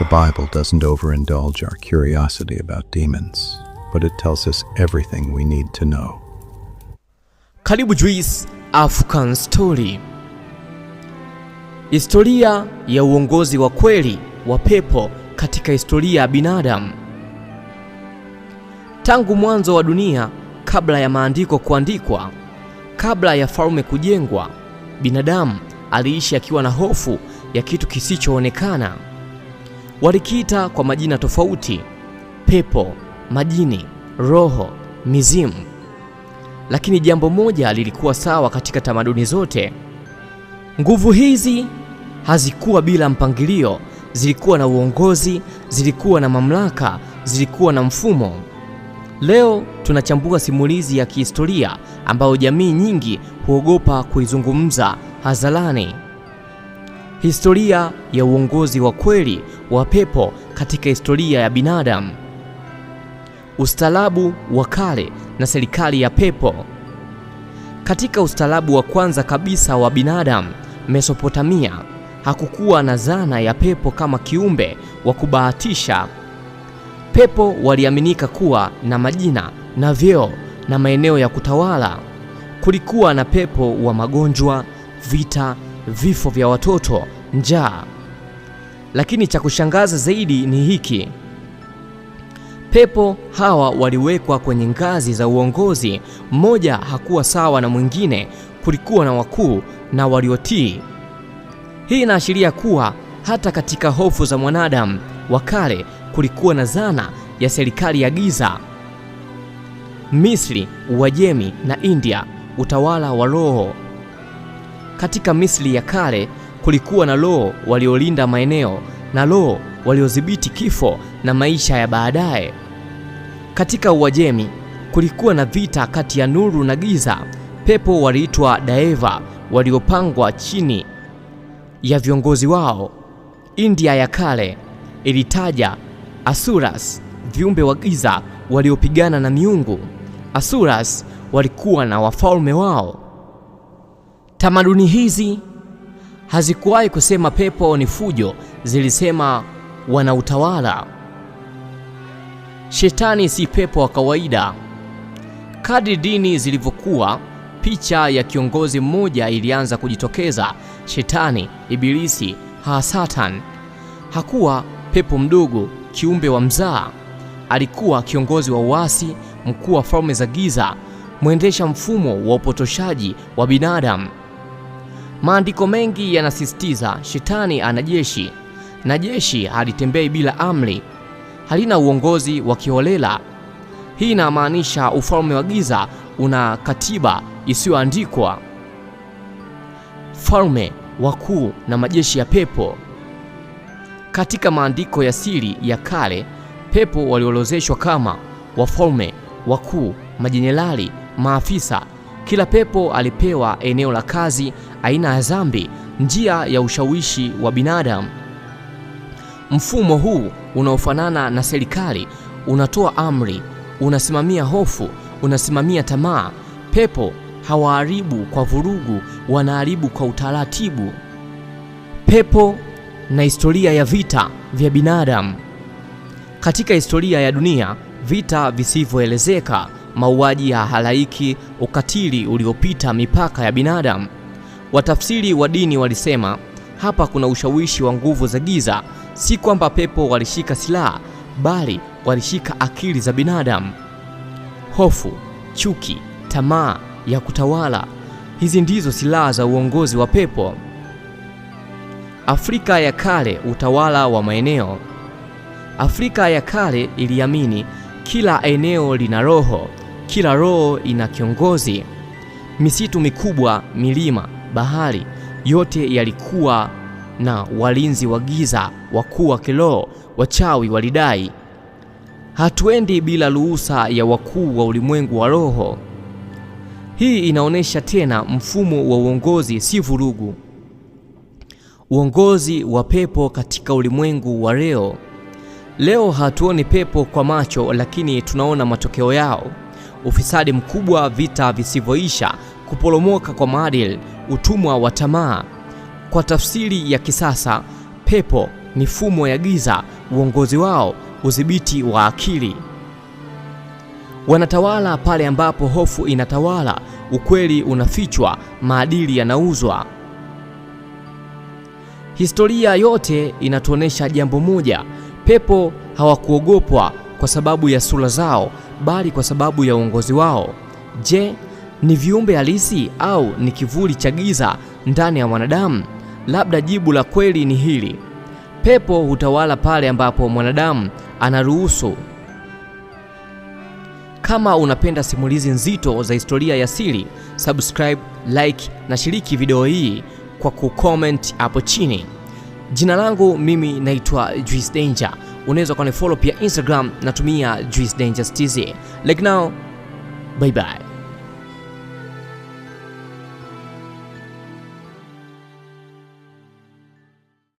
The Bible doesn't overindulge our curiosity about demons, but it tells us everything we need to know. Karibu Juice African Story. Historia ya uongozi wa kweli wa pepo katika historia ya binadamu. Tangu mwanzo wa dunia, kabla ya maandiko kuandikwa, kabla ya falme kujengwa, binadamu aliishi akiwa na hofu ya kitu kisichoonekana walikiita kwa majina tofauti: pepo, majini, roho, mizimu. Lakini jambo moja lilikuwa sawa katika tamaduni zote. Nguvu hizi hazikuwa bila mpangilio, zilikuwa na uongozi, zilikuwa na mamlaka, zilikuwa na mfumo. Leo tunachambua simulizi ya kihistoria ambayo jamii nyingi huogopa kuizungumza hadharani. Historia ya uongozi wa kweli wa pepo katika historia ya binadamu. Ustaarabu wa kale na serikali ya pepo. Katika ustaarabu wa kwanza kabisa wa binadamu, Mesopotamia, hakukuwa na zana ya pepo kama kiumbe wa kubahatisha. Pepo waliaminika kuwa na majina na vyeo na maeneo ya kutawala. Kulikuwa na pepo wa magonjwa, vita vifo vya watoto, njaa. Lakini cha kushangaza zaidi ni hiki: pepo hawa waliwekwa kwenye ngazi za uongozi, mmoja hakuwa sawa na mwingine. Kulikuwa na wakuu na waliotii. Hii inaashiria kuwa hata katika hofu za mwanadamu wa kale kulikuwa na zana ya serikali ya giza. Misri, Uajemi na India, utawala wa roho. Katika Misri ya kale kulikuwa na roho waliolinda maeneo na roho waliodhibiti kifo na maisha ya baadaye. Katika Uajemi kulikuwa na vita kati ya nuru na giza. Pepo waliitwa Daeva waliopangwa chini ya viongozi wao. India ya kale ilitaja Asuras, viumbe wa giza waliopigana na miungu. Asuras walikuwa na wafalme wao. Tamaduni hizi hazikuwahi kusema pepo ni fujo, zilisema wana utawala. Shetani si pepo wa kawaida. Kadri dini zilivyokuwa, picha ya kiongozi mmoja ilianza kujitokeza. Shetani, Ibilisi, Satan. hakuwa pepo mdogo, kiumbe wa mzaa. Alikuwa kiongozi wa uasi, mkuu wa falme za giza, mwendesha mfumo wa upotoshaji wa binadamu. Maandiko mengi yanasisitiza shetani ana jeshi na jeshi halitembei bila amri, halina uongozi wa kiholela. Hii inamaanisha ufalme wa giza una katiba isiyoandikwa, falme wakuu na majeshi ya pepo. Katika maandiko ya siri ya kale, pepo waliolozeshwa kama wafalme wakuu, majenerali, maafisa kila pepo alipewa eneo la kazi, aina ya dhambi, njia ya ushawishi wa binadamu. Mfumo huu unaofanana na serikali unatoa amri, unasimamia hofu, unasimamia tamaa. Pepo hawaharibu kwa vurugu, wanaharibu kwa utaratibu. Pepo na historia ya vita vya binadamu. Katika historia ya dunia, vita visivyoelezeka mauaji ya halaiki, ukatili uliopita mipaka ya binadamu. Watafsiri wa dini walisema hapa kuna ushawishi wa nguvu za giza, si kwamba pepo walishika silaha, bali walishika akili za binadamu. Hofu, chuki, tamaa ya kutawala, hizi ndizo silaha za uongozi wa pepo. Afrika ya kale, utawala wa maeneo. Afrika ya kale iliamini kila eneo lina roho, kila roho ina kiongozi. Misitu mikubwa, milima, bahari, yote yalikuwa na walinzi wa giza, wakuu wa kiroho. Wachawi walidai hatuendi bila ruhusa ya wakuu wa ulimwengu wa roho. Hii inaonyesha tena mfumo wa uongozi, si vurugu. Uongozi wa pepo katika ulimwengu wa leo. Leo hatuoni pepo kwa macho, lakini tunaona matokeo yao ufisadi mkubwa, vita visivyoisha, kuporomoka kwa maadili, utumwa wa tamaa. Kwa tafsiri ya kisasa, pepo ni fumo ya giza, uongozi wao udhibiti wa akili. Wanatawala pale ambapo hofu inatawala, ukweli unafichwa, maadili yanauzwa. Historia yote inatuonesha jambo moja: pepo hawakuogopwa kwa sababu ya sura zao, bali kwa sababu ya uongozi wao. Je, ni viumbe halisi au ni kivuli cha giza ndani ya mwanadamu? Labda jibu la kweli ni hili: pepo hutawala pale ambapo mwanadamu anaruhusu. Kama unapenda simulizi nzito za historia ya siri, subscribe, like na shiriki video hii kwa kucomment hapo chini. Jina langu mimi naitwa Juice Danger unaweza follow pia Instagram, natumia Juice Dangerous TZ. Like now, bye bye.